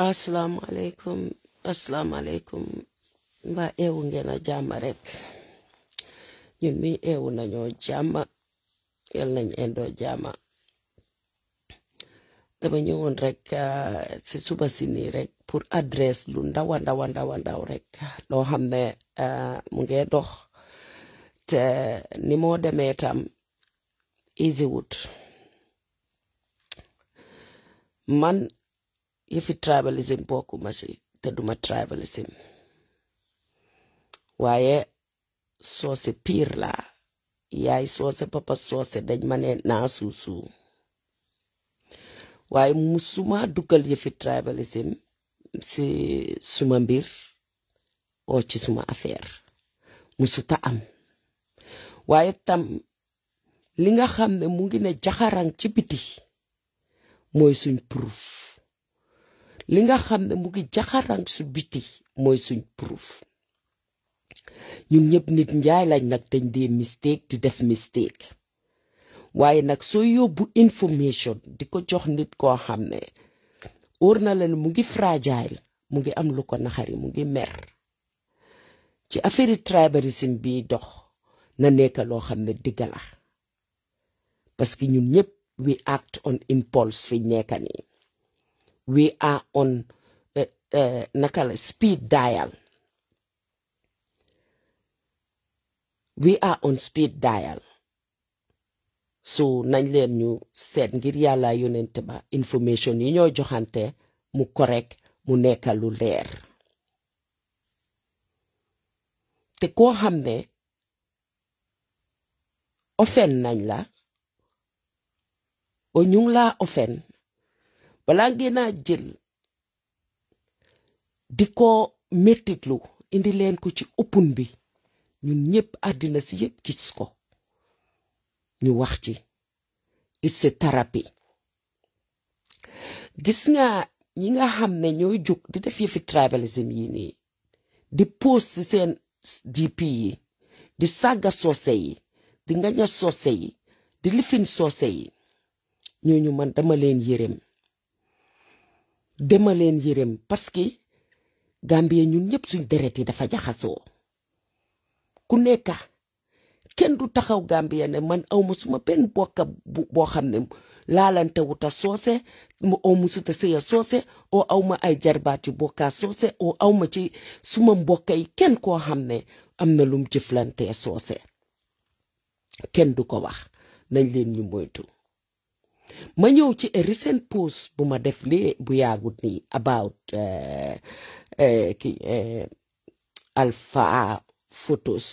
asalaamaaleykum asalaamaaleykum mbaa eewu ngeen a jàmm rek ñun mi eewu nañoo jàmm yal nañ indoo jàmm dama ñëwoon rek ah, si suba si nii rek pour adresse lu ndaw a ndaw a ndaw a rek loo xam ah, mu ngi dox te ni moo demee tam easy wut man yëfi tribalism bokkuma si te duma tribalism waaye soose piir la yaay soose papa soose dañ ma ne naa suusuu waaye musuma dugal yëfi tribalism si suma mbir oo ci suma affaire musuta am waaye tam li nga xam ne mu ngi ne jaxarang ci mooy suñ proof li nga xam ne mu ngi jaxaraan su biti mooy suñ proof ñun ñëpp nit njaay lañ nag dañ dee mistake di def mistake waaye nag soo yóbbu information di ko jox nit koo xam ne óor na la ne mu ngi fragile mu ngi am lu ko naxari mu ngi mer ci affaire tribalisme bi dox na nekk loo xam ne digga la parce que ñun ñëpp we act on impulse fi nekka nii we are on eh, eh, naka speed dial we are on speed dial so nañ leen ñu seet ngir yàlla yonent ba information yi ñoo joxante mu correct mu nekk lu leer te koo xam ne ofen nañ la o laa ofen balaa ngeen a jël di ko mettitlu indi leen ko ci open bi ñun ñëpp àddina si yëpp gis ko ñu wax ci it's tarapi gis nga ñi nga xam ne ñooy jóg di def yëfi tribalism yi nii di post ci seen DP yi di sàgga soose yi di ngaña soose yi di lifin soose yi ñooñu man dama leen yërëm demaleen yërëm parce que Gambie ñun ñëpp suñ deret yi dafa jaxasoo ku nekka kenn du taxaw Gambie ne man awma suma benn bokka boo xam ne laalante wuta soose mu awma suta sëya soose oo awma ay jarbaat yu soose oo awma ci suma mbokk yi kenn koo xam ne am na lum jëflante soose kenn du ko wax nañ leen ñu moytu ma ñëw ci a recent post bu ma def lii bu yaagut nii about eh, eh, ki eh, alpha photos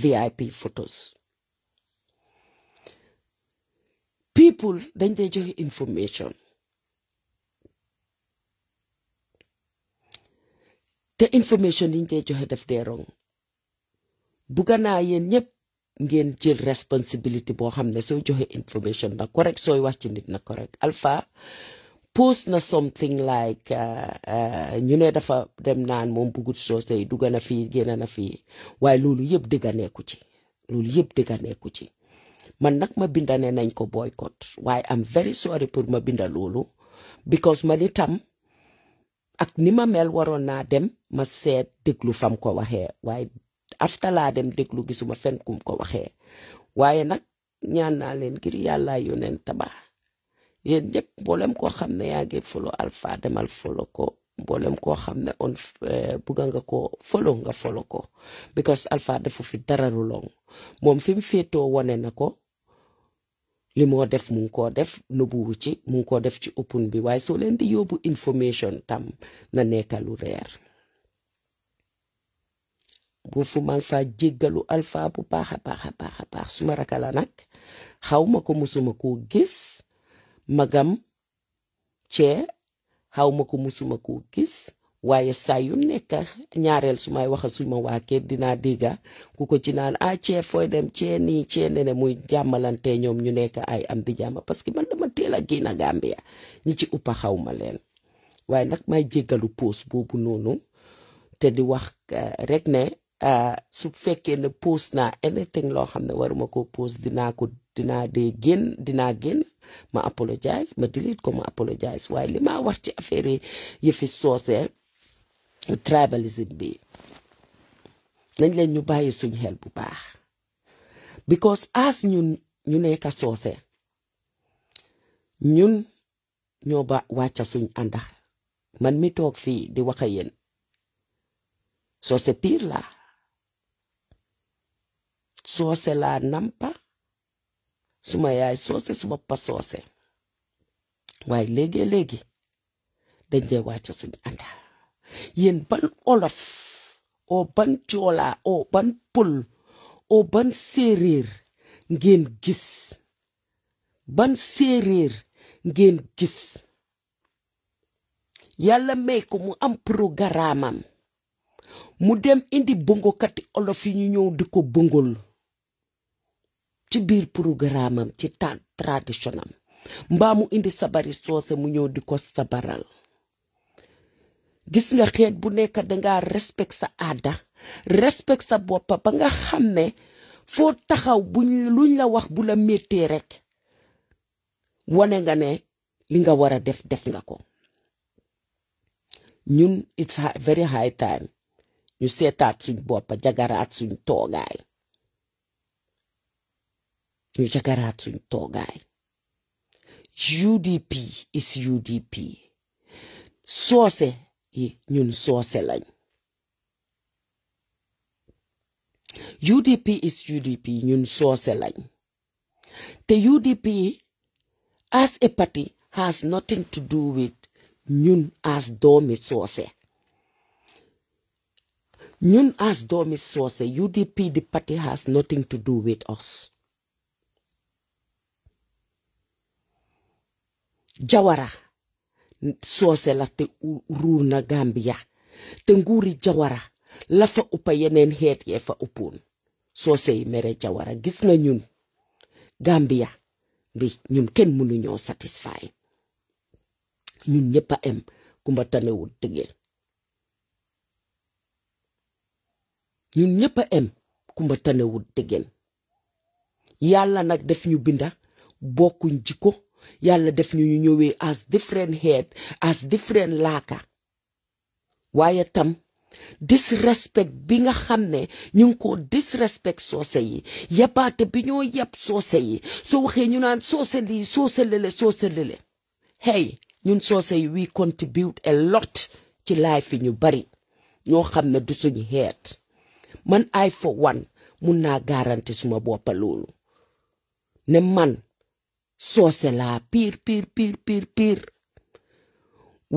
vip photos people dañ dee joxe information te information yiñ dee joxe def dee rong bugga naa yéen ñëpp ngeen jël responsibility boo xam ne soo joxe information na correct sooy wax ci nit na correct alfa post na something like uh, uh, ñu ne dafa dem naan moom bugut soose yi dugg na fii génn na fii waaye loolu yëpp dëgga nekku ci loolu yëpp dëgga nekku ci man nag ma binda ne nañ ko boycott waaye am very sorry pour ma binda loolu because man itam ak ni ma mel waroon naa dem ma seet déglu fam ko waxee afta dem déglu gisuma fen kum ko waxe waaye nag ñaan naa leen ngir yàlla yoneen taba yéen ñëpp mboolem koo xam ne yaa folo alpha demal folo ko mboolem koo xam ne on eh, bugga nga ko folo nga folo ko because alpha defu fi dara lu long moom fi mu féetoo na ko li moo def mu ngi koo def nëbbuwu ci mu ngi koo def ci open bi waaye soo leen di yóbbu information tam na nekka reer góor fu maa ngi faa jéggalu alpha bu baax a baax a baax a baax suma raka la nag xaw ma ko musuma koo gis magam cee xaw ko musuma koo gis waaye saa yu nekk ñaareel su may waxa su waa kër dinaa dégga ku ko ci naan ah cee fooy dem cee nii cee nene muy jàmmalante ñoom ñu nekk ay am di jàmm parce que man dama teel a génn Gambia ñi ci uppa xawma ma leen waaye nag may jéggalu poos boobu noonu te di wax eh, rek ne Euh, su fekkee ne post naa anything loo xam ne waruma ko post dinaa ko dinaa dee génn dinaa génn ma apologize ma delete ko ma apologize waaye li ma wax ci affaire yëfi soose tribalism bi nañ leen ñu bàyyi suñ xel bu baax because as ñun ñu nekka soose ñun ñoo ba wàcca suñ àndax man mi toog fii di waxa yéen soose piir laa soose laa nampa suma yaay soose suma pa soose waaye léegi-léegi dañ dee wàcc suñ ànda yéen ban olof oo ban joolaa oo ban pël oo ban séeréer ngeen gis ban séeréer ngeen gis yàlla may ko mu am programme am mu dem indi bëngokati olof yi ñu ñëw di ko bëngol ci biir programme am ci ta mbaamu am mbaa mu indi sabari soose mu ñëw di ko sabaral gis nga xeet bu nekk danga respect sa aada respect sa boppa ba nga xam ne foo taxaw buñ luñ la wax bu la méttee rekk wane nga ne li nga war a def def nga ko ñun it's very high time ñu seetaat suñ boppa jagaraat suñ toogaay njagaraatuñ toogaay UDP is UDP soose yi ñun soose lañ UDP is UDP ñun soose lañ te UDP as a party has nothing to do with ñun as doomi soose ñun as doomi soose UDP the party has nothing to do with us jawara soose la te ruu na Gambia te nguuri jawara la fa uppa yeneen xeet yee fa uppoon soose yi mere jawara gis nga ñun Gambia bi ñun kenn mënuñoo satisfy ñun ñëpp a em kumba tanewul tëggeel ñun ñëpp em kumba tanewul tëggeel yàlla nag def ñu binda bokkuñ jikko yàlla def ñu ñu ñëwee as different head as different laaka waaye tam disrespect bi nga xam ne ñu ngi disrespect soose yi yabaate bi ñoo yab soose yi soo waxee ñu naan soose lii soose lële soose lële hey ñun soose yi we contribute a lot ci life yi ñu bari ñoo xam ne du suñu xeet man I for one mun naa garanti suma boppa loolu ne man soose laa piir piir piir piir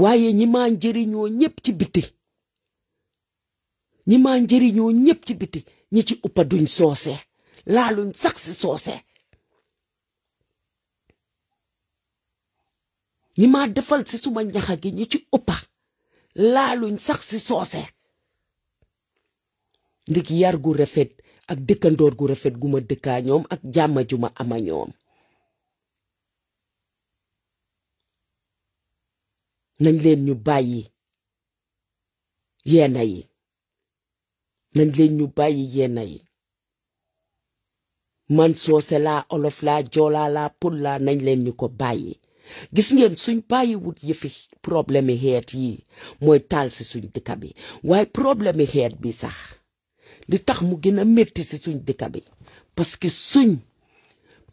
waaye ñi maa njëriñoo ñépp ci biti ñi maa njëriñoo ñépp ci biti ñi ci uppa duñ soose laaluñ sax si soose ñi ma defal si suma ñaxa gi ñi ci uppa laaluñ sax si soose ndig yar gu rafet ak dëkkandoor gu rafet gu ma dëkkaa ñoom ak jàmm ju ma ama ñoom nañ leen ñu bàyyi yenn yi nañ leen ñu bàyyi yenn yi man soose laa olof laa joolaa laa pël laa nañ leen ñu ko bàyyi gis ngeen suñ bàyyiwut yëfi problème xeet yi mooy taal si suñ dëkk bi waaye problème xeet bi sax li tax mu gën a métti si suñ dëkk bi parce que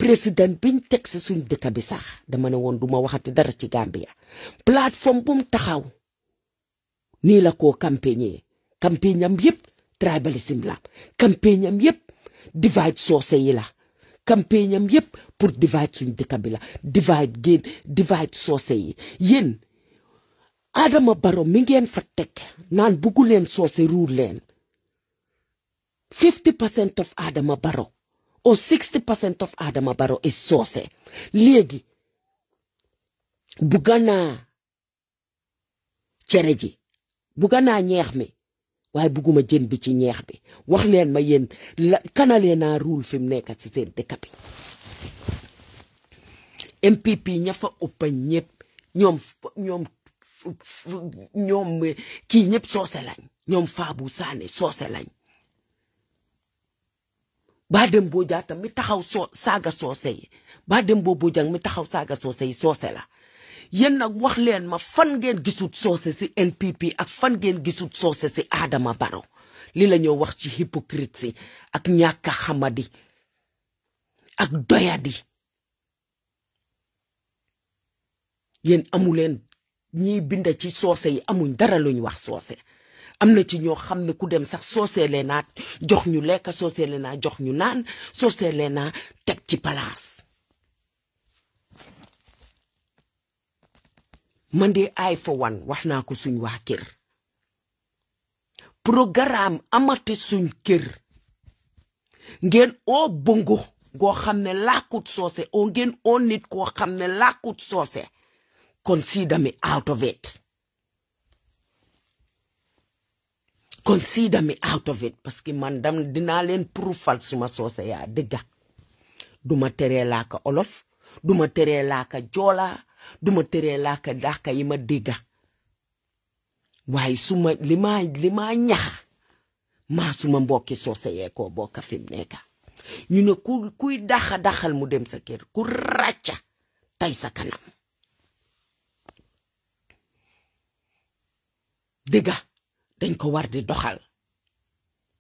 président biñ teg si suñ dëkk bi sax dama ne woon duma ma waxati dara ci Gambia plateforme bu mu taxaw nii la ko campagne campagne am yëpp tribalisme la campagne am yëpp divide soose yi la campagne am yëpp pour divide suñ dëkka bi la divide génn divide soose yi yéen Adama Baro mi ngeen fa teg naan buggu leen soose ruur leen 50 percent of Adama Baro or 60% of Adama Barrow is source léegi cere ji bugga naa ñeex mi waaye bugguma jën bi ci ñeex bi wax leen ma yéen la kanalee naa ruul fi mu nekk ci seen dëkk bi MPP ña fa ëppa ñëpp ñoom ñoom ñoom kii ñëpp soose lañ ñoom Faabu Saane soose lañ baa dem boo jaata mi taxaw soo saaga soose yi baa dem boo mi taxaw saaga soose yi soose la yéen nag wax leen ma fan ngeen gisut soose si NPP ak fan ngeen gisut soose si Adama Barrow li la ñoo wax ci hypocrite si ak ñàkk xamadi ak doyadi yéen amuleen ñiy binda ci soose yi amuñ dara luñ wax soose am na ci ñoo xam ne ku dem sax sooseele naa jox ñu lekk sooseele naa jox ñu naan sooseele naa teg ci palaas. man de ay fa wan wax naa ko suñ waa kër programme amate suñ kër ngeen oo bongo goo xam ne làkkut soose oo ngeen oo nit koo xam ne làkkut soose kon siidami dami out of it consider me out of it parce que man dam dinaa leen prouval suma soose yaa dëgga duma teree laaka olof duma teree laaka joola duma teree laaka daaka yi ma dégga waaye suma li ma li ñax maa suma mbokki soose yee koo bokka fi mu nekka ñu ne ku kuy daxa daxal mu dem sa kër ku ràcca tey sa kanam dëgga dañ ko war di doxal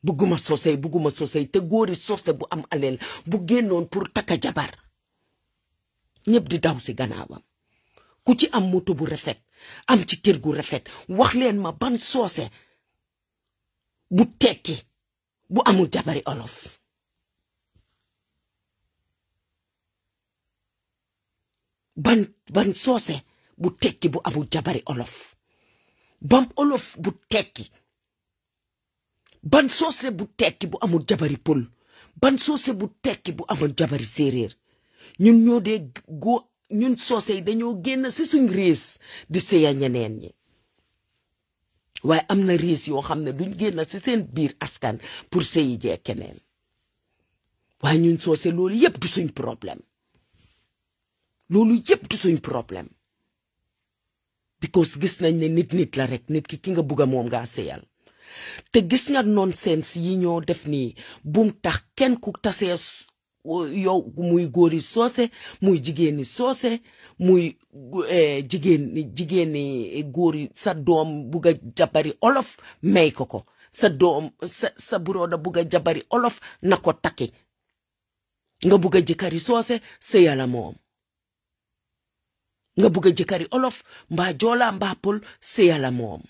bugguma sosey bugguma sosey te góori sose bu am aleel bu génnoon pour takka jabar ñëpp di daw si gannaawam ku ci am moto bu rafet am ci kër gu rafet wax leen ma ban soose bu tekki bu amul jabari olof ban ban bu tekki bu amul jabari olof ban olof bu tekki ban soose bu tekki bu amul jabari pël ban soose bu tekki bu amul jabari séeréer ñun ñoo dee góo ñun soose dañoo génn si suñ riis di séya ñeneen ñi waaye am na riis yoo xam ne duñ génn si seen biir askan pour séyi jee keneen waaye ñun soose loolu yépp du suñ problème loolu yépp du suñ problème because gis nañ ne nit nit la rek nit ki nga bugg a moom ngaa séyal te gis nga nonsense yi ñoo def ni bum tax kenn ku tase yow muy góori soose muy jigéeni soose muy jigéen e, jigéeni e, góori sa doom bugg a jabari olof may ko ko sa doom sa sa burooda bugg a jabari olof na ko takki nga bugg a jëkkari soose séyala moom nga bëgg a jëkkari olof mbaa joola mbaa pël séyala moom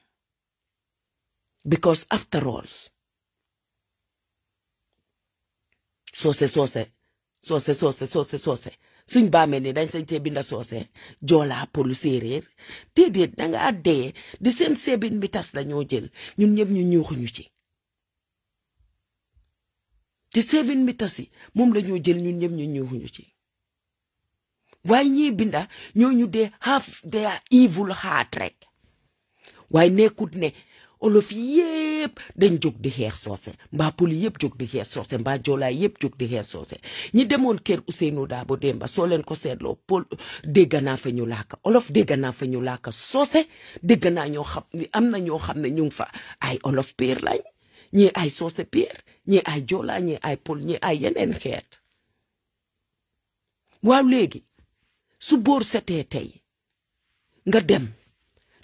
because after all soose soose soose soose soose soose suñ baamee ne dañ sañ see binda soose joolaa pël séeréer déedéet dangaa dee di seen seebin la ñoo jël ñun ñëpp ñu ñuuxuñu ci ti seebin bi tas moom la ñoo jël ñun ñëpp ñu ñuuxuñu ci waaye ñiy binda ñooñu dee have their evil heart rek waaye nekkut ne olof yépp dañ jóg di xeex soose mbaa poli yépp jóg di xeex soose mbaa joolaa yépp jóg di xeex soose ñi demoon kër daa Dabo Demba soo leen ko seetloo pol dégg naa fa ñu laaka olof dégg naa fa ñu laaka soose dégg naa ñoo xam ne am na ñoo xam ne ñu ngi fa ay olof piir lañ ñii ay soose piir ñii ay joolaa ñii ay pol ñii ay yeneen xeet waaw léegi su boor setee nga dem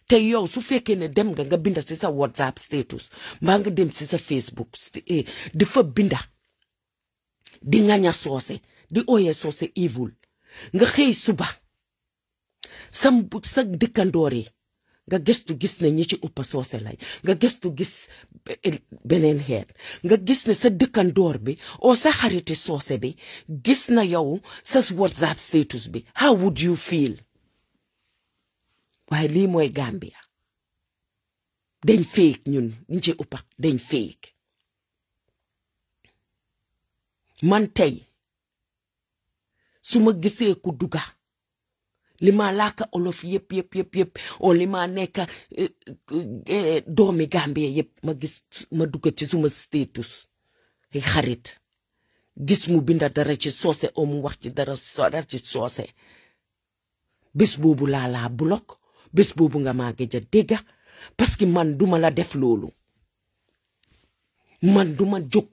te yow su fekkee ne dem nga nga binda ci sa whatsapp status mbaa nga dem ci sa facebook eh, di fa binda di ŋaña soose di ooyee soose evil nga xëy suba sa sa dëkkandoor yi nga gëstu gis ne ñi ci uppa soose nga gëstu gis beneen xeet nga gis ne sa dëkkandoor bi oo sa xariti soose bi gis na yow sa whatsapp status bi how would you feel waaye lii mooy Gambia dañ féeg ñun ñi ci uppa dañ féeg man tey su ma gisee ku duga li ma laaka olof yëpp yëpp yëpp yëpp on li ma nekk eh, eh, eh, doomi Gambie yëpp ma gis ma dugg ci suma status ay xarit gis mu binda dara ci soose o mu wax ci dara dara ci soose bés boobu laa laa block bés boobu nga maa gëj a dégga parce que man duma la def loolu man duma jóg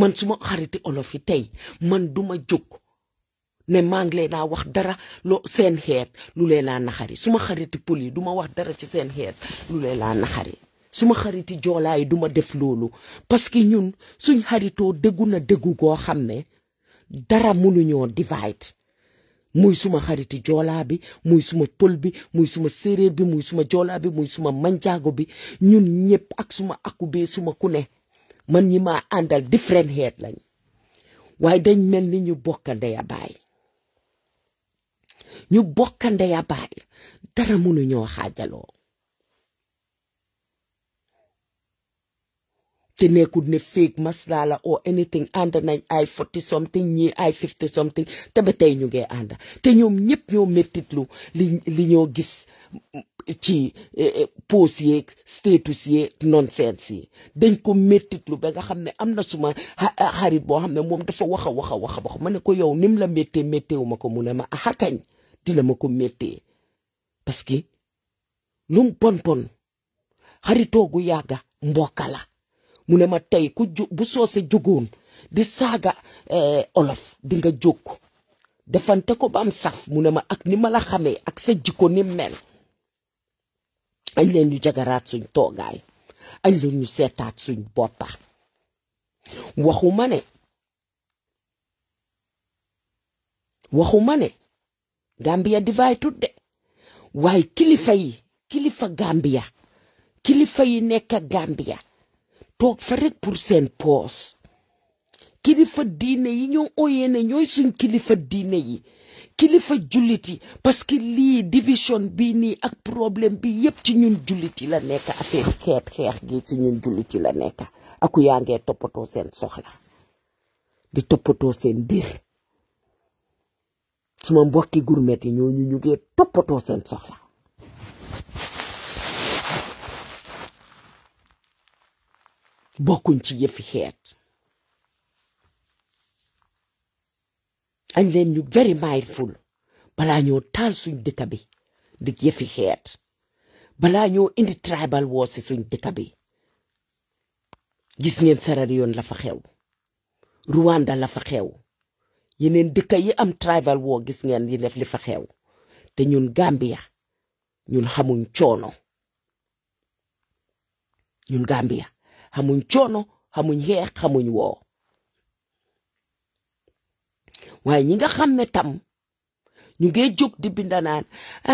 man suma xariti olof yi tey man duma jóg ne maa ngi leen a wax dara loo seen xeet lu lee a naxari suma xariti pël yi du ma wax dara ci seen xeet lu leen naxari suma xariti joolaa yi du ma def loolu parce que ñun suñ xaritoo déggu na déggu goo xam ne dara mu mënuñoo divide muy suma xariti joolaa bi muy suma pël bi muy suma séeréer bi muy suma joolaa bi muy suma manjaago bi ñun ñëpp ak suma akubee suma ku ne man ñi ma àndal different xeet lañ waaye dañ mel ni ñu bokka ndeya baay ñu bokk ndeya baay dara mënu ñoo xaajaloo te nekkul ne fake maslala or anything ànd nañ ay forty something ñi ay fifty something te ba tey ñu ngee ànd te ñoom ñëpp ñoo mettitlu li li ñoo gis ci eh, eh, post yeeg status yeeg nonsense yi dañ ko mettitlu ba nga xam ne am na suma xarit boo xam ne moom dafa wax a wax wax ma ne ko yow nim la méttee métteewu ma ko mu ne ma axakañ metti la ma ko méttee parce que lum pon pon xaritoogu yàgga mbokka la mu ne ma tey ku bu soose jógoon di saaga eh, olof di nga jóg defante ko ba am saf mu ne ma ak ni ma la xamee ak sa jikko ni mel añ leen ñu jagaraat suñ toogaay añ leen ñu seetaat suñ boppa waxu ma ne waxu ma ne Gambia divide tudde waaye kilifa yi kilifa Gambia kilifa yi nekk toog fa rek pour seen poos kilifa diine yi ñoo ooyee ñooy suñ kilifa diine yi kilifa jullit yi parce que lii division bii nii ak problème bi yépp ci ñun jullit la nekk affaire xeet la nekk aku yaa ngee toppatoo seen soxla di toppatoo seen biir suma mbokki gourmet yi ñoo ñu ngi toppatoo seen soxla bokkuñ ci yëfi xeet añ leen ñu very mindful balaa ñoo taal suñ dëkka bi di yëfi xeet balaa ñoo indi tribal war suñ dëkka bi gis ngeen Sierra Leone la fa xew Rwanda la fa xew yeneen dëkk yi am tribal woo gis ngeen yi def li fa xew te ñun Gambia ñun xamuñ coono ñun Gambia xamuñ coono xamuñ xeex xamuñ woo waaye ñi nga xam ne tam ñu ngi jóg di bindanaan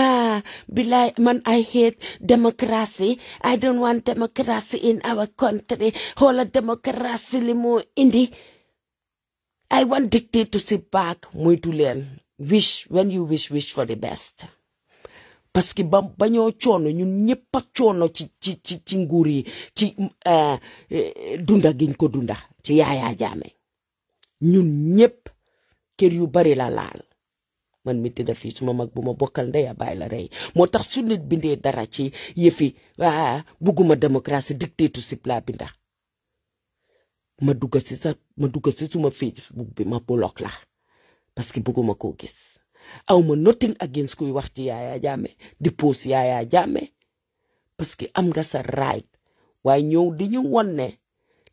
ah bilaay man I hate democracy I don't want democracy in our country xoola democracy li moo indi I want dictate to sit back moytu leen wish when you wish wish for the best parce que ba ba ñoo coono ñun ñëpp a coono ci ci ci ci nguur yi ci eh, eh, dunda giñ ko dunda ci Yaya Jammeh ñun ñëpp kër yu bari la laal man mi tëdd fii suma mag bu ma bokkal ndeya baay la rey moo tax su nit bindee dara ci yëfi waa ah, bugguma démocratie dictatorship laa binda ma dugg si sa ma dugg si suma facebook bi ma block la parce que bëgguma koo gis aw ma nothing against kuy wax ci Yaya Jammeh di post Yaya parce que am nga sa right waaye ñëw di ñu won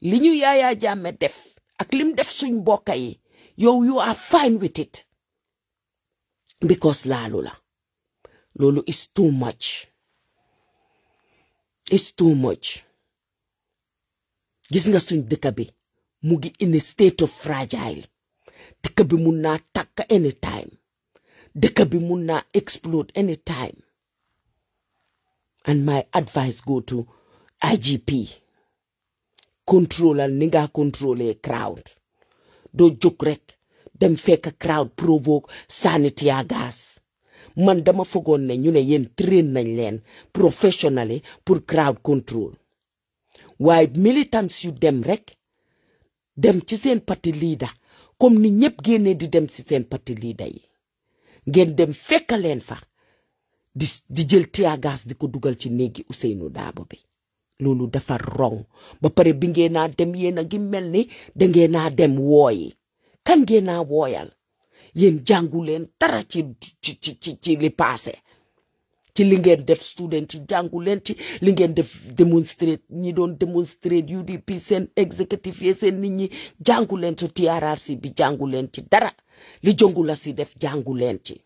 li ñu Yaya Jammeh def ak lim def suñ mbokk yi yow you are fine with it because laalu la loolu is too much is too much gis nga suñ dëkk bi mu ngi in a state of fragile dëkk bi mun naa takk anytime dëkk bi mun naa explode anytime and my advice go to IGP controlal ni nga contrôler crowd doo jóg rek dem fekk crowd provoke sanity gas man dama fogoon ne ñu ne yéen train nañ leen professionally pour crowd control waaye militants yu dem rek dem ci seen parti liida comme ni ñëpp génnee di dem ci seen parti leader yi ngeen dem fekkaleen fa di di jël tiyagas di ko dugal ci néegi Ousseynou Daabo bi loolu dafa rong ba pare bi ngeen dem yéen a ngi mel ni da ngeen naa dem wooyi kan ngeen wooyal yéen jàngu leen ci ci ci ci li paase ci li def student yi jàngu ci lingeen ngeen def démonstrate ñi doon démonstrate UDP seen exécutif yi seen nit ñi jàngu leen ci TRRC bi jàngu ci dara li jongu la si def jàngu ci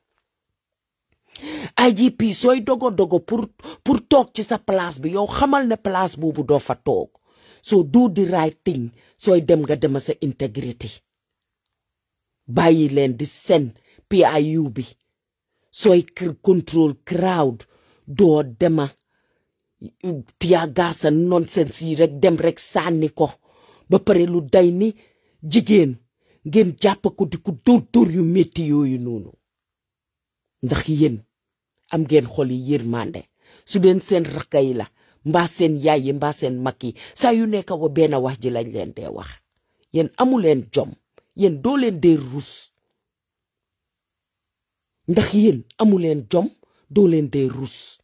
IGP sooy dogo dogo pour toog ci sa plaas bi yow xamal ne plaas boobu doo fa toog soo do the right thing sooy dem nga dema sa intégrité bàyyi leen di seen PIU bi sooy control crowd doo dema tiyaagaasa nonsense yi rek dem rek sànni ko ba pare lu day ni jigéen ngeen jàpp ko di ko dóor dóor yu metti yooyu noonu ndax yéen am ngeen xol yi yërmande su deen seen rakka la mbaa seen yaay yi mbaa seen mag yi saa yu nekk wa wax ji lañ leen dee wax yen amuleen leen jom yéen doo dee rus ndax yéen amuleen jom doo dee rus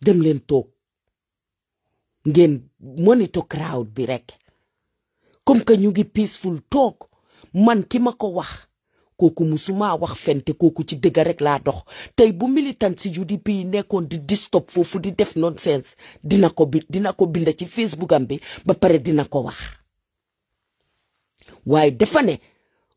dem toog ngeen monitor crowd bi rek comme que ñu ngi peaceful toog man ki ma ko wax kooku musuma wax fente kooku ci dëgg rek laa dox tey bu militant ci UDP yi nekkoon di distop foofu di def nonsense dina ko bi dina ko bind ci Facebook am bi ba pare dina ko wax waaye dafa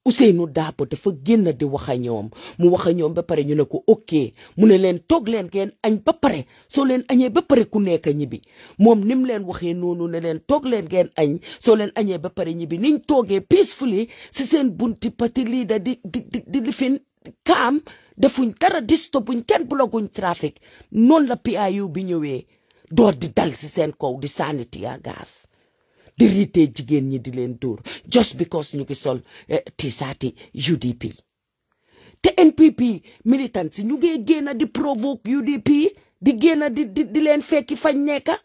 Ousseynou Dapo dafa génn di wax a ñoom mu wax a ñoom ba pare ñu ne ko ok mu ne leen toog leen ngeen añ ba pare soo leen añee ba pare ku nekk ñibbi moom ni leen waxee noonu ne leen toog leen ngeen añ soo leen añee ba pare ñibi niñ toogee peacefully si seen bunti parti leader di di di di lifin kaam defuñ dara distopuñ kenn bloguñ trafic noonu la PIU bi ñëwee door di dal si seen kow di sànni yaa gaas di riitee jigéen ñi di leen dóor just because ñu ngi sol eh, tisaati UDP te NPP militant si ñu ngi génn di provoque UDP di génn di di leen fekki fañ nekka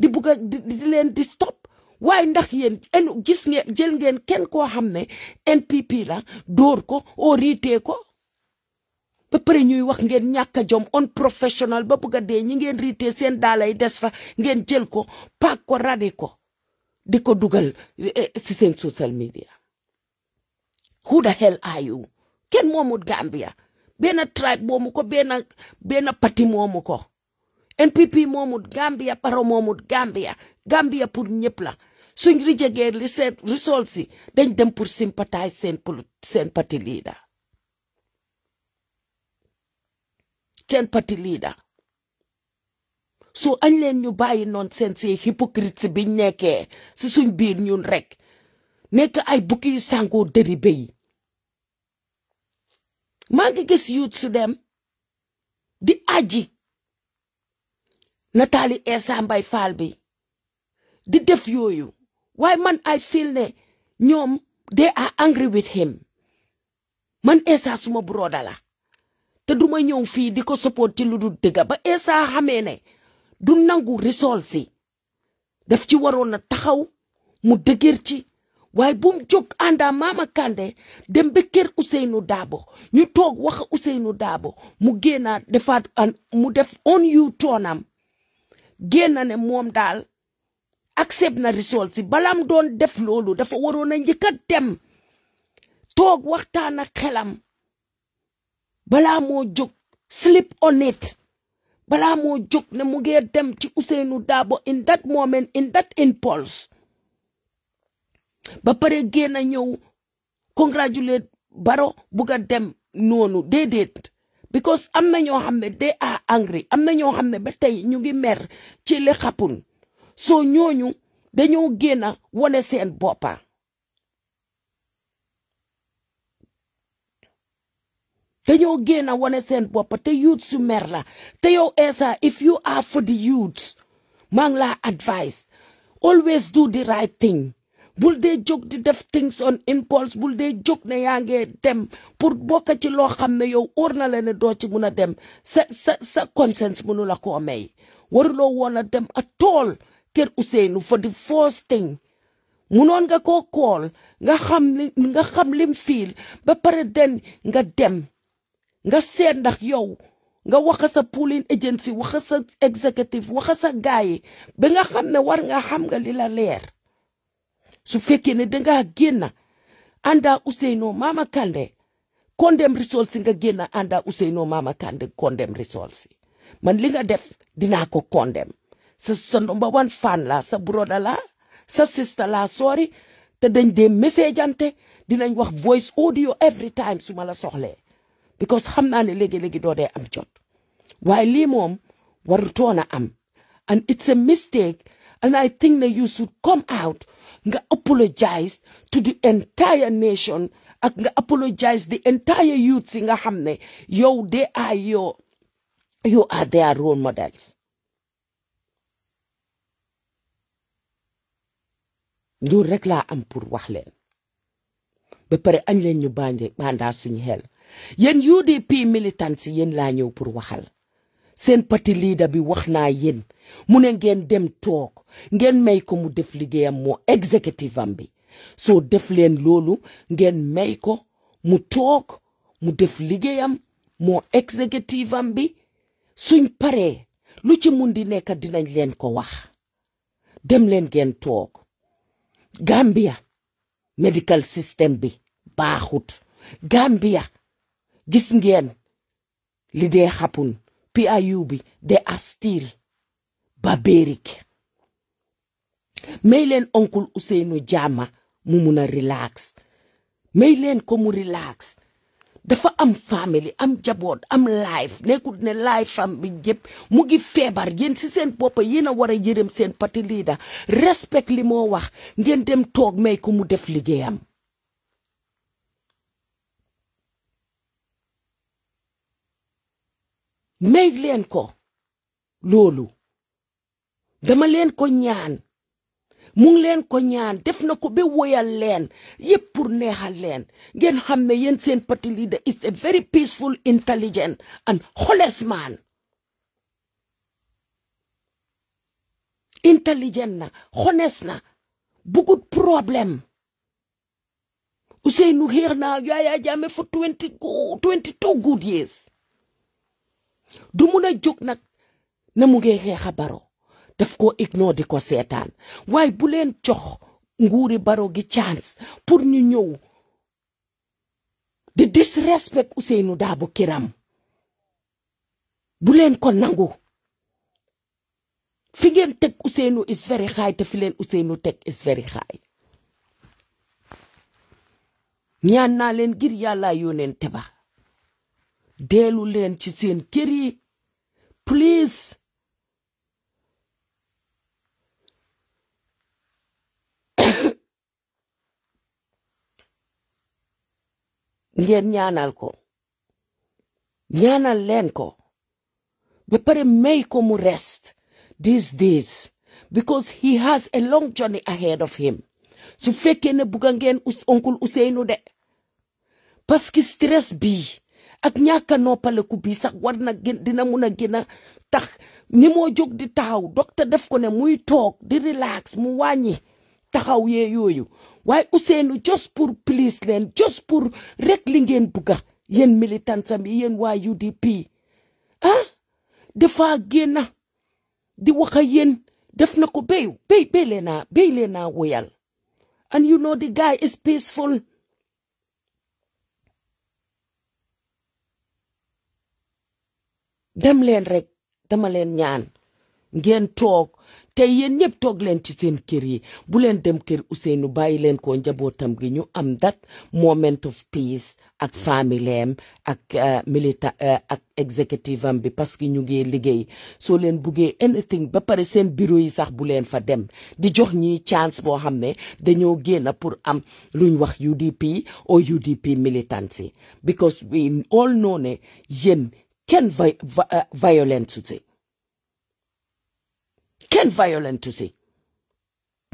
di bugg di leen di stop waaye ndax yéen gis ngeen jël ngeen kenn koo xam ne NPP la dóor ko o riitee ko ba pare ñuy wax ngeen ñàkk a jom on professionnel ba bugg a dee ñi ngeen riitee seen daalay des fa ngeen jël ko paak ko rade ko di ko dugal eh, si seen social media who the hell are you kenn moomut Gambia tribe moomu ko benn benn parti moomu ko NPP moomut Gambia Paro moomut Gambia Gambia pour ñëpp la suñ rijegee li seen results dañ dem pour sympathise seen seen leader seen parti leader so añ leen ñu bàyyi noonu seen si hypocrite biñ nekkee si suñ biir ñun rekk nekk ay bukki yu sàngoo maa ngi gis yuut su dem di aji nataali Essa Mbaye Fall bi di def yooyu waaye man I feel ne ñoom they are angry with him man Essa suma broda la te duma ñëw fii di ko support ci lu dul dëgga ba Essa xamee du nangu risol si daf ci waroon a taxaw mu dëgër ci waaye bu mu jóg àndaa maama Kande dem ba kër Ousseynou Dabo ñu toog wax Ousseynou daabo mu génnaat defaat mu def on you toonam génna ne moom daal accept na risol si balaam doon def loolu dafa waroon a njëkk dem toog waxtaan ak xelam balaa moo jóg sleep on it balaa moo jóg ne mu ngee dem ci Ousseynou Dabo in that moment in that impulse ba pare génn a ñëw congratulate Baro bugg a dem noonu déedéet because am na ñoo xam ne they are angry am na ñoo xam ne ba tey ñu ngi mer ci li xapun soo ñooñu dañoo génn a wone seen boppa dañoo génn a wane seen bopp te youth su mer la te yow Essa if you are for the youth maa ngi laa advice always do the right thing bul dee jóg di def things on impulse bul dee jóg ne yaa ngee dem pour bokk ci loo xam ne yow óor na la ne doo ci mun a dem sa sa sa conscience mënu la koo may waruloo woon a dem a tool kër Ousseynou for the first thing munoon nga koo kool nga xam li nga xam lim fiil ba pare den nga dem nga seet ndax yow nga wax sa pooling agency waxa sa executive waxa sa gaay ba nga xam ne war nga xam nga li la leer su fekkee ne danga génn ànda Ousainou Mama kondem risol si nga génn maam a Mama kondem condemn results man li nga def dinaa ko kondem sa sa number one fan la sa broda la sa sista la sorry te dañ dee message dinañ wax voice audio every time su ma la soxlee because xam naa ne léegi-léegi doo dee am jot waaye lii moom warutoon a am and it's a mistake and I think that you should come out nga apologize to the entire nation ak nga apologize the entire youth si nga xam ne yow they are your you are their role models loolu rek laa am pour wax leen ba pare añ leen ñu bànde bàndaa suñu xel yéen UDP militants yi yéen laa ñëw pour waxal seen pati liida bi wax naa yéen mu ne ngeen dem toog ngeen may ko mu def liggéeyam moo exécutif bi soo def leen loolu ngeen may ko mu toog mu def liggéeyam moo exécutif am bi suñ paree lu ci mun di nekk dinañ leen ko wax dem leen ngeen toog Gambia medical system bi baaxut Gambia gis ngeen li dee happen PIU bi de are still barbaric may leen oncle Ousseynou Diama mu mun a relax may leen ko mu relax dafa am family am jaboot am life nekkul ne life am bi yëpp mu ngi feebar yéen si seen bopp yéen a war a yërëm seen parti leader respect li moo wax ngeen dem toog may ku mu def liggéeyam may leen ko loolu dama leen ko ñaan mu ngi leen ko ñaan def na ko ba woyal leen yëpp pour neexal leen ngeen xam ne yéen seen parti leader is a very peaceful intelligent and honest man intelligent na xones na bugut problème Ousseynou xeex naa Yaya Jammeh for twenty two du mun a jóg nag na mu xeex a baro daf ko ignore di ko seetaan waaye bu leen jox nguuri baro gi chance pour ñu ñëw di disrespect Ousseynou Dabo Kiram bu leen ko nangu fi ngeen teg Ousseynou is very high te fi leen Ousseynou teg is very high ñaan naa leen ngir yàlla yóneen te ba deelu leen ci seen kër yi please ngeen ñaanal ko ñaanal leen ko ba pare may ko mu rest these days because he has a long journey ahead of him su fekkee bugga ngeen us oncle de parce stress bii ak ñàkk a noppaleku bi sax war na gën dina mun a gën a tax ni moo jóg di taxaw docteur def ko ne muy toog di relax mu wàññi taxaw yee yooyu waaye Ousseynou just pour please leen just pour rek li ngeen bugga yéen militant sam yi yéen waa UDP ah dafa génn di wax ak def na ko béy béy béy leen naa béy woyal and you know the guy is peaceful dem leen rek dama leen ñaan ngeen toog te yéen ñëpp toog leen ci seen kër yi bu leen dem kër Ousseynou bàyyi leen ko njabootam gi ñu am dat moment of peace ak familleem ak euh, milita euh, ak executive bi parce que ñu ngi liggéey soo leen buggee anything ba pare seen bureau yi sax bu leen fa dem di jox ñi chance boo xam ne dañoo génn pour am luñ wax UDP o UDP militancy because we all know ne yéen kenn va eh, violence kenn violence si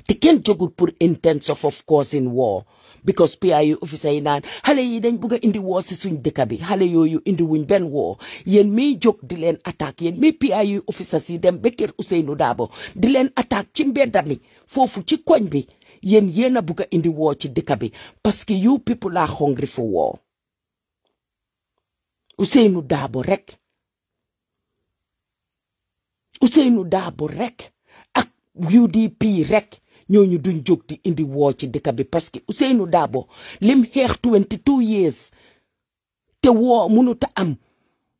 te kenn jógul pour intent of causing war because PIU officer yi naan xale yi dañ bugg a indi woo si suñ dika bi xale yooyu indi wuñ benn woo yéen miy jog di leen attaque yéen miy PIU officer si dem ba kër Ousseynou Dabo di leen attaque ci mbedda mi foofu ci koñ bi yéen yéen a bugg a indi woo ci dëkk bi parce que you people are hungry war Ousseynou Daabo rek Ousseynou Daabo rek ak UDP ñoo ñu duñ jóg di indi woo ci dëkk bi parce que Ousseynou Daabo lim xeex 22 years te woo mënut a am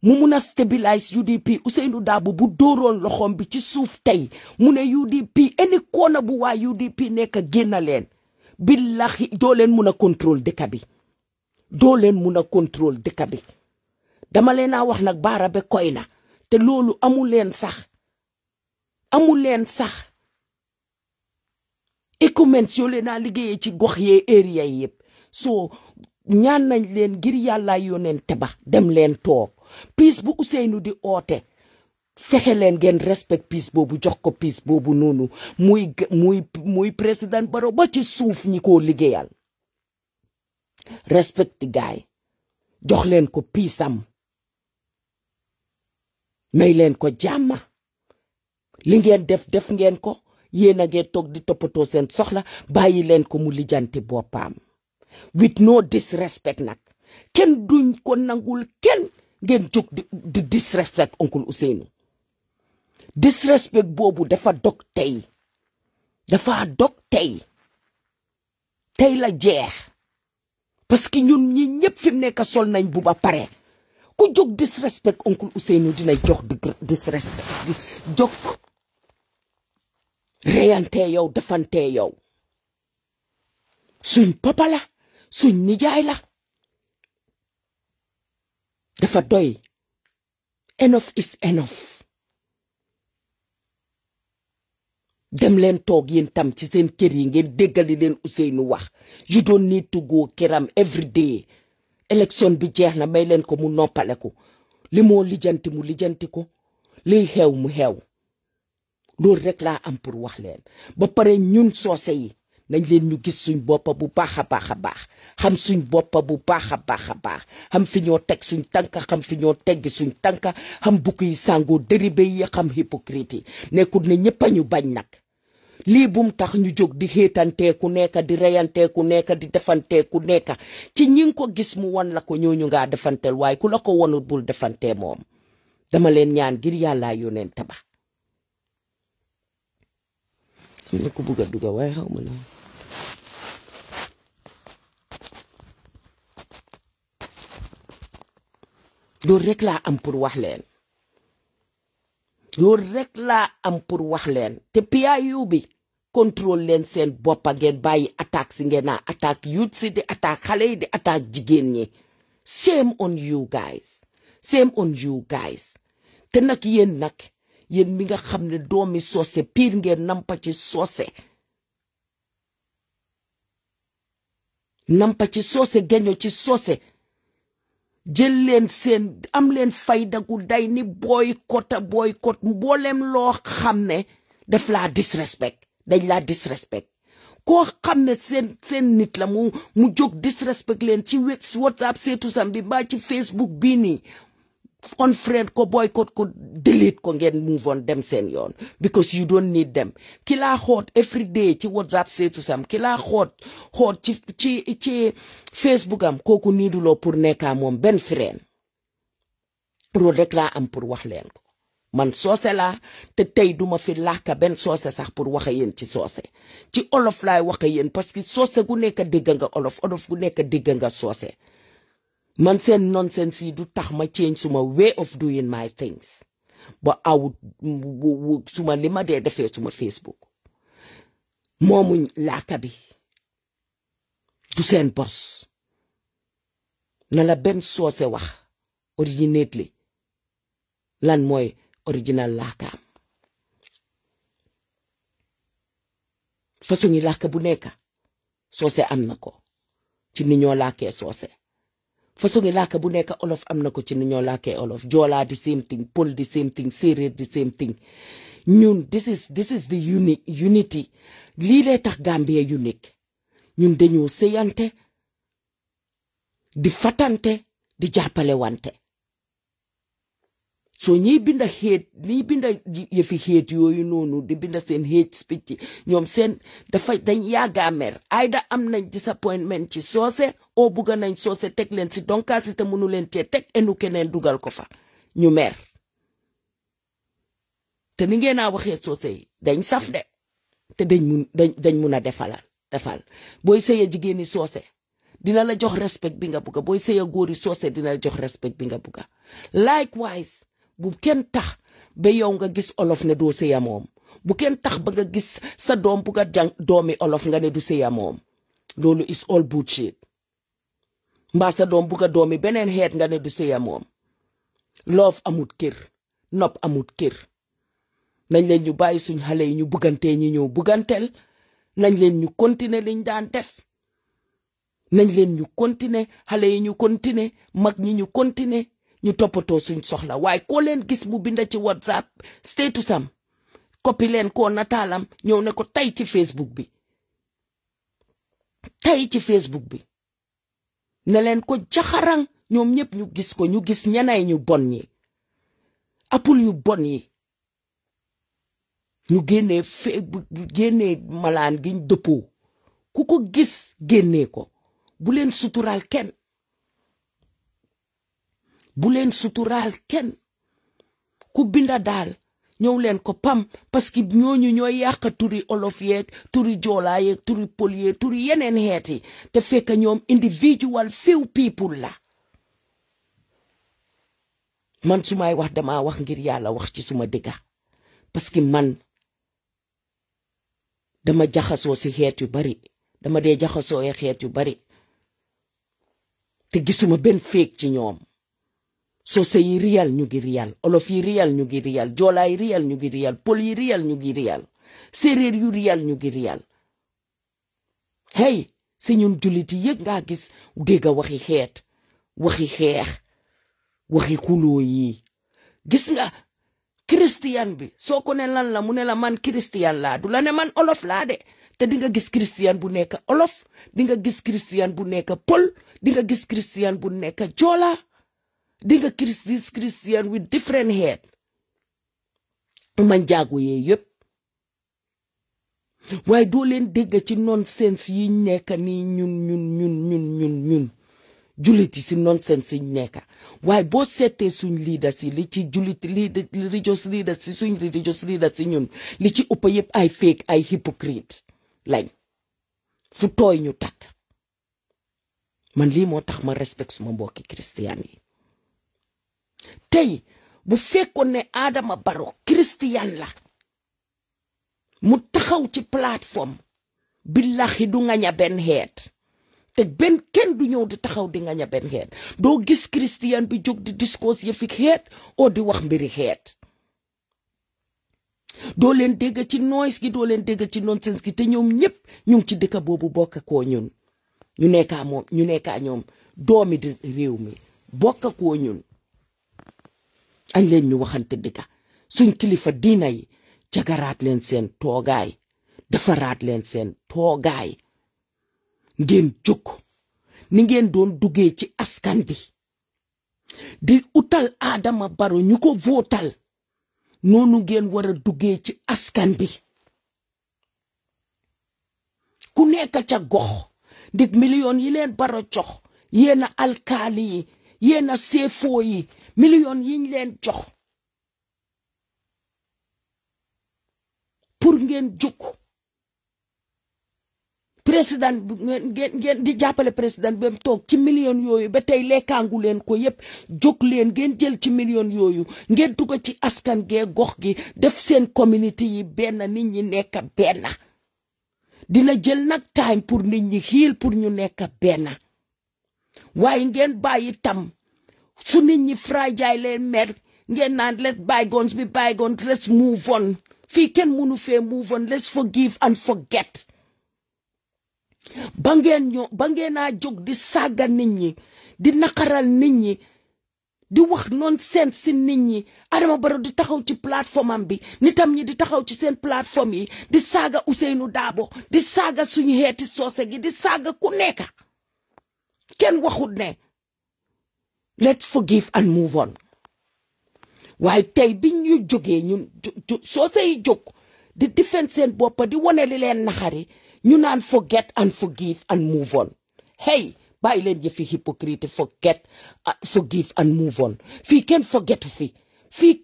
mu mun a stabilise UDP Ousseynou Daabo bu dooroon loxoom bi ci suuf tey mu ne UDP eni koona bu waa UDP nekk génn leen billahi doo leen mun a contrôle dëkk bi doo leen mun a contrôle dëkk bi dama leen a wax nag baara koy na te loolu amul leen sax amul leen sax écoumènes yoo leen a liggéeyee ci gox yee area yi yëpp soo ñaan nañ leen ngir yàlla yonente ba dem leen toog piis bu Ousseynou di oote fexe leen ngeen respect piis boobu jox ko piis boobu noonu muy muy muy président Barrow ba ci suuf ñi koo liggéeyal respect gaay jox leen ko piisam may leen ko jàmma li ngeen def def ngeen ko yéen a ngeen toog di toppatoo seen soxla bàyyi leen ko mu lijjanti boppam with no disrespect nag kenn duñ ko nangul kenn ngeen jóg di di disrespect oncle Ousseynou boobu dafa dog tey dafa dog tey tey la jeex parce que ñun ñi ñëpp fi mu nekk sol nañ bu ba pare ku jóg disrespect oncle Ousseynou dina jox disrespect jóg reyantee yow defantee yow suñ papa suñ nijaay la dafa doy enough is enough dem leen toog yéen tam ci seen kër yi ngeen déggali leen Ousseynou wax you don't need to go këram every day élection bi jeex na may leen ko mu noppaleku li moo lijjanti mu lijjanti ko liy xew mu xew loolu rekk la am pour wax leen ba pare ñun soose yi nañ leen ñu gis suñ boppa bu baax a baax a baax xam suñ boppa bu baax a baax a baax xam fi ñoo teg suñ tànka xam fi ñoo teggi suñ tànka xam bukk yi sàngoo déribe yi xam hypocrite yi nekkul ne ñëpp ñu bañ nag lii bum tax ñu jóg di xéetanteeku nekka di reyanteeku nekka di defanteeku nekka ci ñi ko gis mu wan la ko ñooñu ngaa defantel waaye ku la ko wanut bul defante moom dama leen ñaan ngir yàllaa yoneen tabax am ko bugg a dugg waaye xaw rek laa am pour wax leen loolu rek laa am pour wax leen te PIU bi contrôle leen seen boppa ngeen bàyyi attaque si ngeen naa attaque youth di attaque xale di attaque jigéen ñi shame on you guys shame on you guys te nag yéen nag yéen mi nga xam ne doomi soose piir ngeen nampa ci soose nampa ci soose geño ci soose jël leen seen am leen fayda gu day ni boycott boycott mbooleem loo xam ne daf laa disrespect dañ laa disrespect ko xam ne seen seen nit la mu mu jóg disrespect leen ci whatsapp seetu sam bi mbaa ci facebook bii nii unfriend ko boycott ko delete ko ngeen move on dem seen yoon because you don't need dem ki laa xoot every day ci whatsapp seetu sam ki laa xoot xoot ci ci ci facebook am kooku niiduloo pour nekkaa moom benn friend loolu rek am pour wax leen ko man soose la te tey duma fi laaka benn soose sax pour wax yéen ci soose ci olof laay wax a yéen parce que soose gu nekk dégg nga olof olof gu nekk dégg nga soose man seen nonsense yi du tax ma change suma way of doing my things ba aw suma li ma dee defee suma Facebook moomuñ laaka bi du seen bos na la benn soose wax originately lan mooy original laakaam façon yi laaka bu nekk soose am na ko ci ni ñoo laakee soose façon ngi làkk bu nekk olof am na ko ci ni ñoo làkkee olof joolaa di same thing pël di same thing séeréer di same thing ñun this is the unity lii lay tax Gambia unique ñun dañoo sëyante di fatante di jàppale wante so ñiy binda hate ñiy binda yëfi hate yooyu noonu di binda seen hate speech yi ñoom seen dafa dañ yàggaa mer ayda am nañ disappointment ci soose oo bugga nañ soose teg leen si donkaasi te mënu leen cee teg enu keneen dugal ko fa ñu mer te ni ngeen a waxee soose yi dañ saf de te dañ mun dañ dañ mun a defalal defal booy sëya jigéeni soose dina la jox respect bi nga bugga booy sëya góori soose dina la jox respect bi nga bugga likewise bu kenn tax ba yow nga gis olof ne doo sëya moom bu kenn tax ba nga gis sa doom bu nga doomi olof nga ne du sëya moom loolu is all bullshit mbaa doom bu nga doomi beneen xeet nga ne du sëya moom loof amut kër nopp amut kër nañ leen ñu bàyyi suñ xale yi ñu buggante ñi ñëw bugganteel nañ leen ñu continuer liñ daan def nañ leen ñu continuer xale yi ñu continuer mag ñi ñu continuer ñu toppatoo suñ soxla waaye koo leen gis mu binda ci whatsapp statusam copie leen koo nataalam ñëw ne ko tey ci facebook bi tey ci facebook bi ne leen ko jaxarang ñoom ñëpp ñu gis ko ñu gis ñenay ñu bon ñi apul yu bon yi ñu génnee fe malaan giñ dëppoo ku ko gis génnee ko bu leen suturaal kenn bu leen suturaal kenn ku binda daal ñëw leen ko pam parce que ñooñu ñooy yàq turi olof yeeg turi joolaa yeeg turi pël yeeg turi yeneen xeet yi te fekk ñoom individual few people la man sumay wax dama wax ngir yàlla wax ci suma dëgga parce que man dama jaxasoo si xeet yu bari dama dee jaxasoo xeet yu bari te gisuma benn féeg ci ñoom sose yi riyal ñu ngi riyal olof yi riyal ñu ngi riyal joolaa yi riyal ñu ngi riyal pël yi riyal ñu ngi riyal séeréer yu riyal ñu ngi riyal hey si ñun jullit yi yëpp nga gis dégg waxi xeet waxi xeex waxi kuloo yi gis nga christian bi soo ko ne lan la mu ne la man christian laa du la ne man olof laa de te di nga gis christian bu nekk olof di nga gis christian bu nekk pël di nga gis christian bu nekk joolaa dinga this Christian with different head man jaago yee yëpp waay doo leen dégg ci nonsense yi nekk nii ñun ñun ñun ñun ñun ñun jullit yi si nonsense yi nekk waaye boo seetee suñ leaders yi li ci jullit religious leaders yi suñ religious leaders yi ñun li ci ëpp yëpp ay fake ay hypocrite lañ fu tooy ñu takk man lii moo tax ma respect suma mbokki christian yi tey bu fekkoon ne Adama Barrow christian la mu taxaw ci plateforme billahi du ngaña benn xeet te benn ken du ñëw di taxaw di ngaña benn xeet doo gis christian bi jóg di discours yëfi xeet oo di wax mbiri xeet doo leen dégg ci noise gi doo leen dégg ci nonsense gi te ñoom ñëpp ñu ngi ci dëkk boobu bokk koo ñun ñu nekkaa moom ñu nekkaa doomi réew mi bokk koo ñun añ leen ñu waxante dëgga suñ kilifa diina yi jagaraat leen seen toogaay defaraat leen seen toogaay ngeen jóg ni ngeen doon duggee ci askan bi di utal Adama Barrow ñu ko vootal noonu ngeen war a duggee ci askan bi ku nekk ca gox ndig million yi leen Barrow jox yéena alkaali yi seefoo yi million yiñ leen jox pour ngeen jukk président di jàppale président ba toog ci million yooyu ba tey lekkaangu leen ko yépp jóg leen ngeen jël ci million yooyu ngeen dugg ci askan gee gox gi def seen communauté yi benn nit ñi nekk benn dina jël nag time pour nit ñi xiil pour ñu nekk benn waaye ngeen bàyyi tam su nit ñi fragile leen mer ngeen naan let bygones be bygones let's move on fii kenn mënu fee move on let's forgive and forget ba ngeen ñoo ba ngeen jóg di saaga nit ñi di naqaral nit ñi di wax nonsense si nit ñi Adama Barrow di taxaw ci plateforme am bi nitam ñi di taxaw ci seen plateforme yi di saaga Ousseynou Dabo di saaga suñu xeeti soose gi di saaga ku nekk kenn waxut ne let's forgive and move on waaye tey biñ ñu jógee ñun soo di defend seen boppa di wane li leen naxari ñu naan forget and forgive and move hey bàyyi leen jëfi hypocrite forget uh, forgive and move on fii kenn forgetu fi fii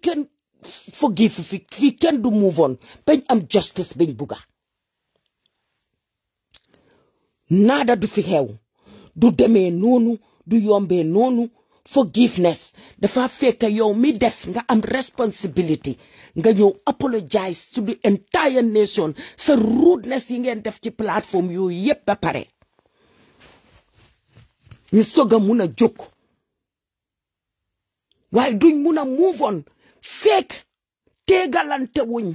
kenn du move on bañ am justice bañ bugga naada du fi xew du demee noonu du yombee noonu forgiveness dafa fekk yow mi def nga am responsibility nga ñëw apologize to the entire nation sa rudeness yi ngeen def ci plateforme yooyu yépp ba pare ñu soog a mun a jóg waaye duñ mun a move on fekk teegalante wuñ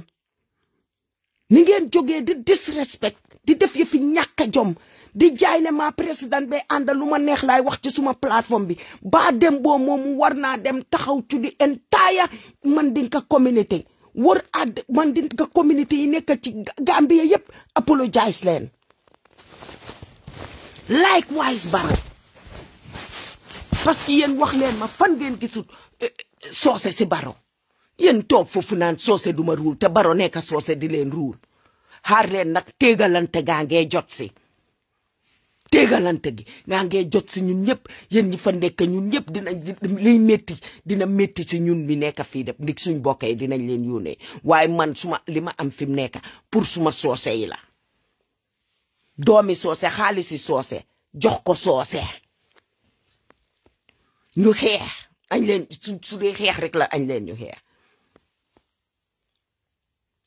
ni ngeen jógee di disrespect di def yëfi ñàkk a jom di jaay ne ma président bay àndal lu ma neex laay wax ci suma plateforme bi ba dem boo moomu war naa dem taxaw ci di entire Mandinka communauté war àdd Mandinka communauté yi nekk ci Gambie yépp apologize leen likewise bara parce que yéen wax leen ma fan ngeen gisut eh, eh, soose si baro yéen toog foofu naan soose duma ruur te baro nekk soose di leen ruur xaar leen nag téegalante gaa ngee jot si téegalante gi ngaa jot si ñun ñëpp yéen ñi fa nekk ñun ñëpp dina liy dina métti si ñun bi nekk fii def ndig suñ bokk yi dinañ leen yónnee waaye man suma li ma am fi mu nekk pour suma soose yi la doomi soose xaalisi soose jox ko soosee ñu xeex añ leen su su xeex rek la añ leen ñu xeex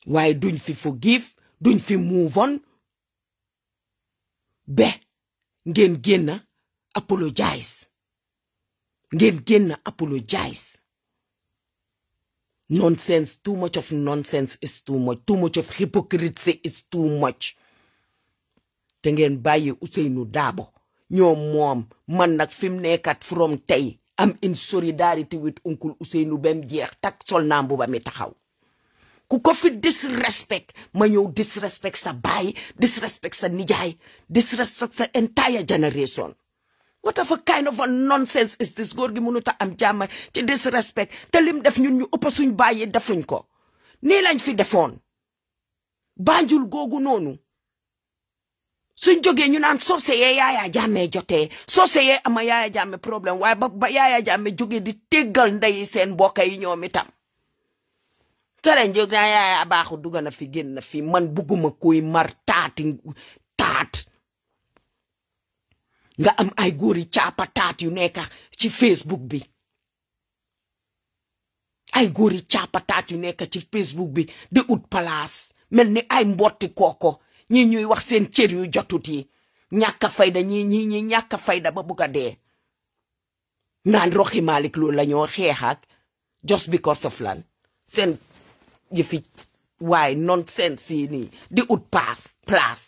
waaye duñ fi forgive duñ fi move on ngeen génn apologize ngeen génn apologize nonsense too much of nonsense is too much too much of hypocrisy is too much te ngeen bàyyi Ousainou Darboe ñoom moom man nag fi mu nekkat from tey am in solidarity with uncle Ousainou bem jeex tak sol naa mbuba mi taxaw ku ko fi disrespect ma ñëw disrespect sa baay disrespect sa nijaay disrespect sa entire generation what a kind of a nonsense is this góor gi mënut a am jàmm ci disrespect te lim def ñun ñu ëpp suñ baay yi defuñ ko nii lañ fi defoon Banjul googu noonu suñ jógee ñu naan soose yee yaaya jàmmee jotee soose yee ama yaaya jàmme problème waaye ba ba yaaya jàmme jógee di téggal ndeyi seen mbokk yi ñoom itam tere jóg naa yaay a ah, baaxu dugg na fi génn na fi man bugguma koy mar taati taat nga am ay góor yi caapa taat yu nekk ci facebook bi ay góor yi caapa taat yu nekk ci facebook bi di ut palaas mel ni ay mbotti kooko ñi ñuy wax seen cër yu jotut yi ñàkk fayda ñi ñi ñi ñàkk fayda ba bugg a dee naan roxi malik loolu la ñoo xeex just because of lan yëfi waaye nonsense yi nii di ut paas place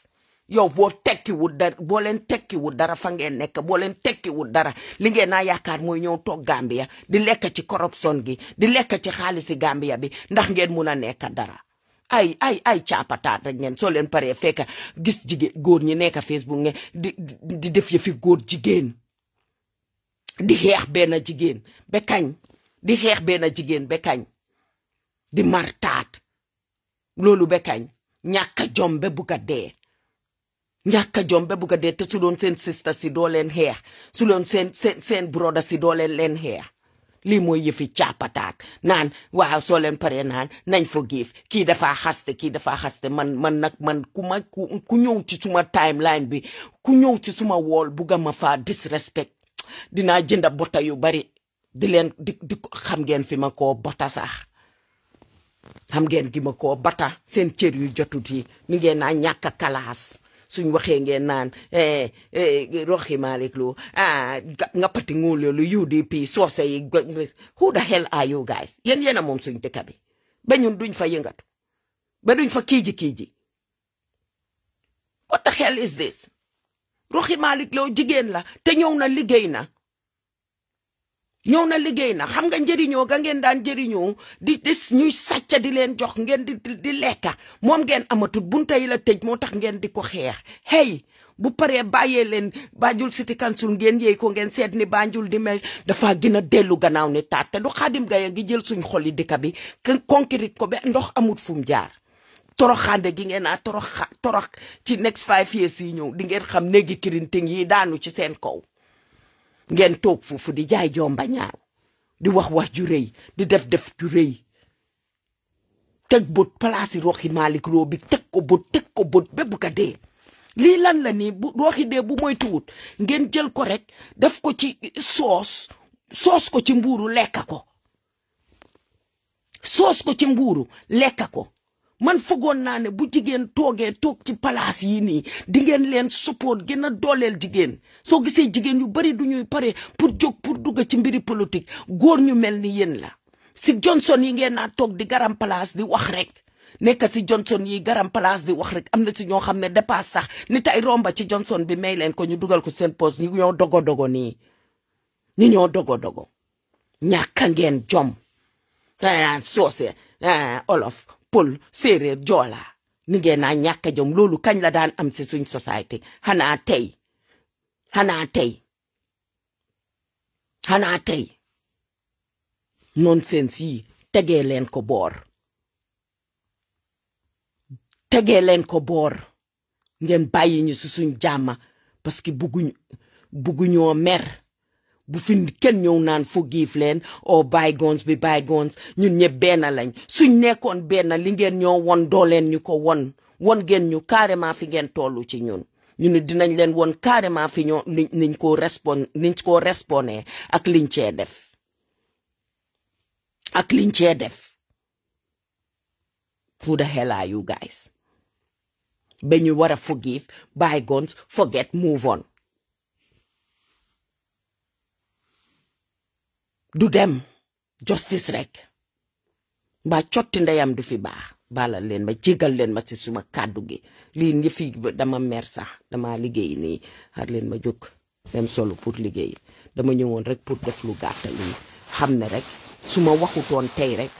yow boo tekkiwul dara boo leen tekkiwul dara fa ngeen nekk boo leen tekkiwul dara li ngeen naa yaakaar mooy ñëw toog Gambia di lekk ci corruption gi di lekk ci xaalisi Gambia bi ndax ngeen mun a nekk dara ay ay ay caapataat rek ngeen soo leen paree fekk gis jigéen góor ñi nekk Facebook ngeen di di def yëfi góor jigéen di xeex benn jigéen ba kañ di xeex benn jigéen ba kañ di martaat loolu ba kañ ñàkk a jom dee ñàkk a jom dee te su doon seen sista si doo leen xeex su doon seen seen seen broda si doo leen leen xeex lii mooy yëfi caapataat naan waa soo leen paree naan nañ forgive kii dafaa xaste kii dafaa xaste man man nag man ku ma ku ñëw ci suma timeline bi ku ñëw ci suma wall bugga ma faa disrespect dinaa jënda bota yu bari di leen di di xam ngeen fi ma koo bota sax xam ngeen di koo bata seen cër yu jotu yi ni ngeen naa ñàkk a kalaas suñ waxee ngeen naan eh, eh, roxi Malick Lo ah nga pati nguuleelu UDP soose yi who the hell are you guys yéen yéen a moom suñ dëkk bi ba ñun duñ fa yëngatu ba duñ fa kiiji kiiji what the is this roxi Malick Lo jigéen la te ñëw na liggéey na ñëw na liggéey na xam ga njëriñoo ga ngeen daan njëriñoo di ñuy sàcca di leen jox ngeen di di lekka moom ngeen amatut bunta yi la tëj moo tax ngeen di ko xeex hey bu paree bàyyee leen Banjul City Council ngeen yéey ko ngeen seet ni Banjul di mel dafa gën a dellu gannaaw ni taat te du xaadim gaya gi jël suñ xol yi dëkk bi conquérir ko ba ndox amut fu mu jaar toroxaande gi ngeen a torox torox ci next five years yi ñëw di ngeen xam néegi kirinting yi daanu ci seen kaw ngeen toog foofu di jaay jomba ñaaw di wax wax ju di def def ju rëy teg bët palaasi roxi Malick Lo bi teg ko bët teg ko bët ba bu dee lii lan la nii bu roxi dee bu mooy tuut ngeen jël ko rek def ko ci soos soos ko ci mbuuru lekka ko soos ko ci mbuuru lekka ko man fogoon naa ne bu jigéen toogee toog ci palaas yi nii di ngeen leen support gën a dooleel jigéen soo gisee jigéen yu bari du ñuy pare pour jóg pour dugg ci mbiri politique góor ñu mel ni yéen la si Johnson yi ngeen naa toog di garam palaas di wax rek nekk si Johnson yi garam palaas di wax rek am na si ñoo xam ne dépasse sax ni tay romba ci Johnson bi may leen ko ñu dugal ko seen poste ñu ñoo dogo dogo nii ñu ñoo dogo dogo ñàkka ngeen jom soose eh, olof pël séeréer joola ni na naa jom loolu kañ la daan am si suñ société xanaa tey xanaa tey xanaa tey leen ko boor tegee ko boor ngeen bàyyi ñu si suñ jàmm parce que bugguñ bugguñoo mer bu fi kenn ñëw naan forgive leen or bygones bi bygones ñun ñëpp benn lañ suñ nekkoon benn li ngeen ñoo won doo ñu ko won won ngeen ñu carrément fi ngeen tollu ci ñun ñu ne dinañ leen won carrément fi ñoo niñ ko respon niñ ko respondé ak liñ cee def ak liñ cee def who the hell are you ba ñu war a forgive bygones forget move on du dem justice rek mbaa cotti ndeyam du fi baax baalal leen ma jégal leen ma ci suma kàddu gi lii ngi fi dama mer sax dama liggéey nii xar leen ma jóg dem solo pour liggéey dama ñëwoon rek pour def lu gàttal yi xam ne rek su ma waxutoon tey rek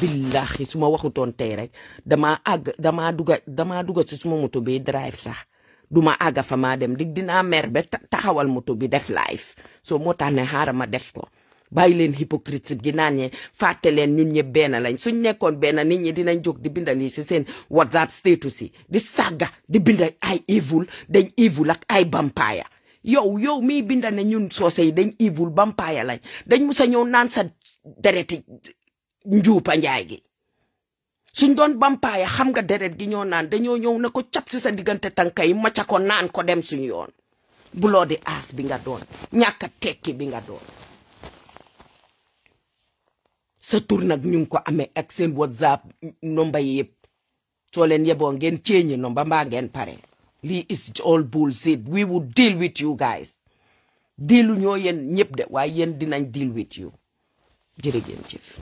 billahi su ma waxutoon tey rek dama àgg dama duga dama duga ci suma moto bi drive du ma àgga fa ma dem dig dinaa mer be taxawal moto bi def live so moo tax ne xaaral ma def ko bàyyi leen hypocrite gi naan ñe fàtte leen ñun ñëpp benn lañ suñ nekkoon benn nit ñi dinañ jóg di bindal yi si seen whatsapp status yi di sàgga di bindal ay evil dañ evil ay bampaaya yow yow mi binda na ñun soose yi dañ evil bampaaya lañ dañ musa ñëw naan sa dereti njuupa njaay gi suñ doon bampaaya xam nga deret gi ñoo naan dañoo ñëw na ko cap si sa diggante tànka yi macca ko naan ko dem suñ yoon buloo di aas bi nga doon ñàkk tekki bi nga doon sa tur nag ñu ngi ko amee ak seen whatsapp nomba yi yëpp soo leen yeboo ngeen ceeñi nomba mbaa ngeen pare lii is all bullshit we will deal with you guys dealu ñoo yéen ñëpp de waaye yéen dinañ deal with you jërëgéen jëf